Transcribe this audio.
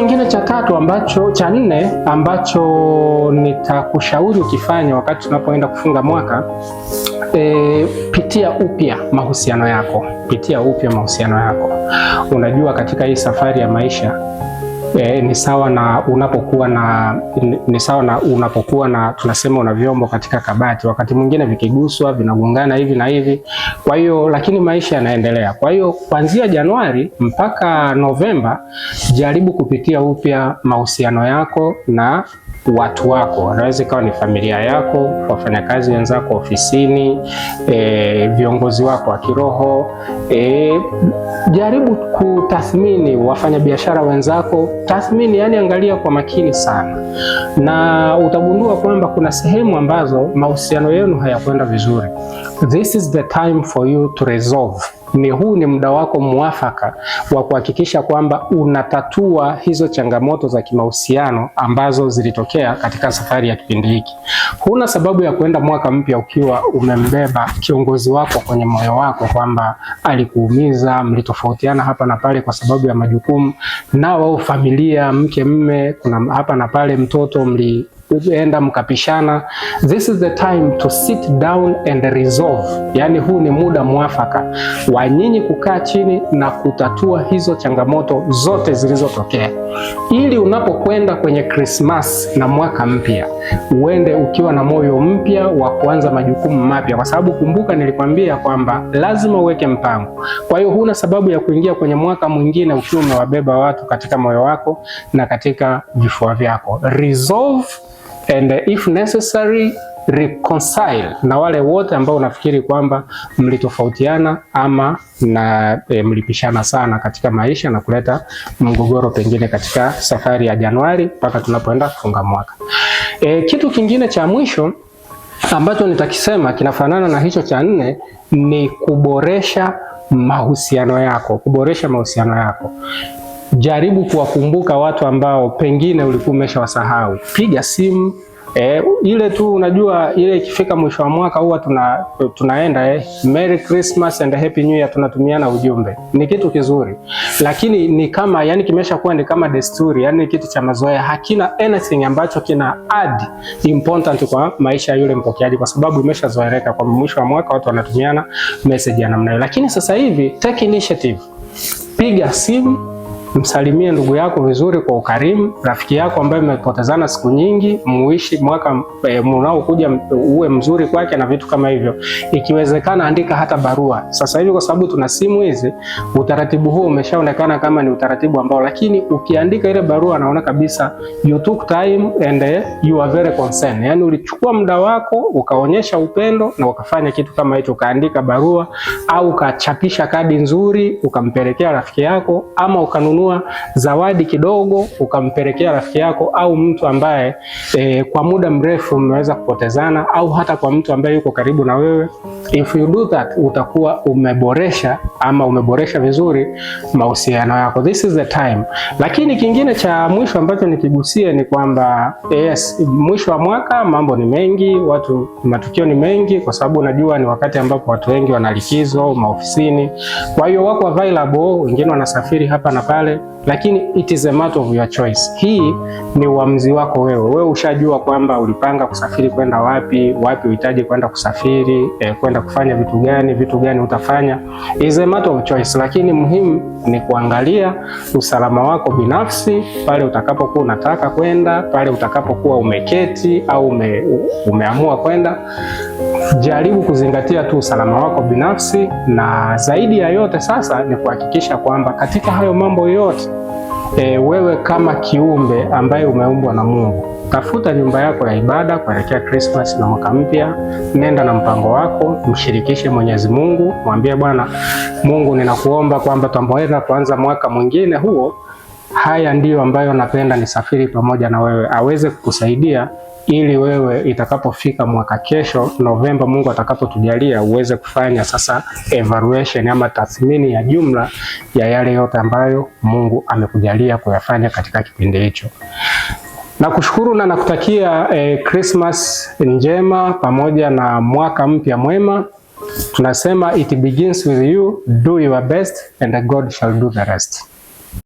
kingine cha tatu ambacho cha nne ambacho nitakushauri ukifanya wakati tunapoenda kufunga mwaka e, pitia upya mahusiano yako, pitia upya mahusiano yako. Unajua, katika hii safari ya maisha E, ni sawa na unapokuwa na ni sawa na unapokuwa na tunasema una vyombo katika kabati, wakati mwingine vikiguswa vinagongana hivi na hivi. Kwa hiyo lakini maisha yanaendelea. Kwa hiyo kuanzia Januari mpaka Novemba, jaribu kupitia upya mahusiano yako na watu wako, wanaweza ikawa ni familia yako, wafanyakazi wenzako ofisini, e, viongozi wako wa kiroho e, jaribu kutathmini wafanyabiashara wenzako, tathmini, yani angalia kwa makini sana, na utagundua kwamba kuna sehemu ambazo mahusiano yenu hayakwenda vizuri. This is the time for you to resolve. Ni huu ni muda wako mwafaka wa kuhakikisha kwamba unatatua hizo changamoto za kimahusiano ambazo zilitokea katika safari ya kipindi hiki. Huna sababu ya kuenda mwaka mpya ukiwa umembeba kiongozi wako kwenye moyo wako kwamba alikuumiza, mlitofautiana hapa na pale kwa sababu ya majukumu, nao familia, mke, mme, kuna hapa na pale, mtoto mli enda mkapishana, this is the time to sit down and resolve. Yani huu ni muda mwafaka wa nyinyi kukaa chini na kutatua hizo changamoto zote zilizotokea, ili unapokwenda kwenye Krismas na mwaka mpya uende ukiwa na moyo mpya wa kuanza majukumu mapya, kwa sababu kumbuka, nilikwambia kwamba lazima uweke mpango. Kwa hiyo huna sababu ya kuingia kwenye mwaka mwingine ukiwa umewabeba watu katika moyo wako na katika vifua vyako. Resolve and if necessary reconcile na wale wote ambao unafikiri kwamba mlitofautiana ama na e, mlipishana sana katika maisha na kuleta mgogoro pengine katika safari ya Januari mpaka tunapoenda kufunga mwaka. E, kitu kingine cha mwisho ambacho nitakisema kinafanana na hicho cha nne ni kuboresha mahusiano yako, kuboresha mahusiano yako jaribu kuwakumbuka watu ambao pengine ulikuwa umeshawasahau. Piga simu E, ile tu unajua, ile ikifika mwisho wa mwaka huwa tuna, tunaenda eh, Merry Christmas and Happy New Year, tunatumiana ujumbe. Ni kitu kizuri, lakini ni kama yani kimeshakuwa ni kama desturi, yani kitu cha mazoea, hakina anything ambacho kina add important kwa maisha ya yule mpokeaji, kwa sababu imeshazoeleka kwa mwisho wa mwaka watu wanatumiana message ya namna hiyo. Lakini sasa hivi take initiative, piga simu Msalimie ndugu yako vizuri kwa ukarimu. Rafiki yako ambaye mmepotezana siku nyingi, muishi mwaka e, eh, unaokuja uwe mzuri kwake na vitu kama hivyo. Ikiwezekana andika hata barua. Sasa hivi kwa sababu tuna simu hizi, utaratibu huu umeshaonekana kama ni utaratibu ambao, lakini ukiandika ile barua, naona kabisa you took time and eh, you are very concerned, yani ulichukua muda wako ukaonyesha upendo na ukafanya kitu kama hicho, ukaandika barua au ukachapisha kadi nzuri ukampelekea rafiki yako ama ukanunua kununua zawadi kidogo ukampelekea rafiki yako au mtu ambaye e, kwa muda mrefu mmeweza kupotezana au hata kwa mtu ambaye yuko karibu na wewe. If you do that, utakuwa umeboresha ama umeboresha vizuri mahusiano yako. This is the time. Lakini kingine cha mwisho ambacho nikigusia ni kwamba yes, mwisho wa mwaka mambo ni mengi, watu matukio ni mengi, kwa sababu unajua ni wakati ambapo watu wengi wanalikizo maofisini, kwa hiyo wako available, wengine wanasafiri hapa na pale pale, lakini it is a matter of your choice. Hii ni uamuzi wako wewe. Wewe ushajua kwamba ulipanga kusafiri kwenda wapi, wapi uhitaji kwenda kusafiri, eh, kwenda kufanya vitu gani, vitu gani utafanya. It is a matter of choice, lakini muhimu ni kuangalia usalama wako binafsi pale utakapokuwa unataka kwenda, pale utakapokuwa umeketi au ume, umeamua kwenda. Jaribu kuzingatia tu usalama wako binafsi, na zaidi ya yote sasa ni kuhakikisha kwamba katika hayo mambo yote yoyote e, eh, wewe kama kiumbe ambaye umeumbwa na Mungu, tafuta nyumba yako ya ibada kuelekea Krismasi na mwaka mpya. Nenda na mpango wako, mshirikishe Mwenyezi Mungu, mwambie Bwana Mungu, ninakuomba kwamba tunapoenda kuanza mwaka mwingine huo haya ndiyo ambayo napenda nisafiri pamoja na wewe, aweze kukusaidia ili wewe itakapofika mwaka kesho Novemba, Mungu atakapotujalia, uweze kufanya sasa evaluation ama tathmini ya jumla ya yale yote ambayo Mungu amekujalia kuyafanya katika kipindi hicho. Nakushukuru na nakutakia eh, Christmas njema pamoja na mwaka mpya mwema. Tunasema it begins with you, do your best and God shall do the rest.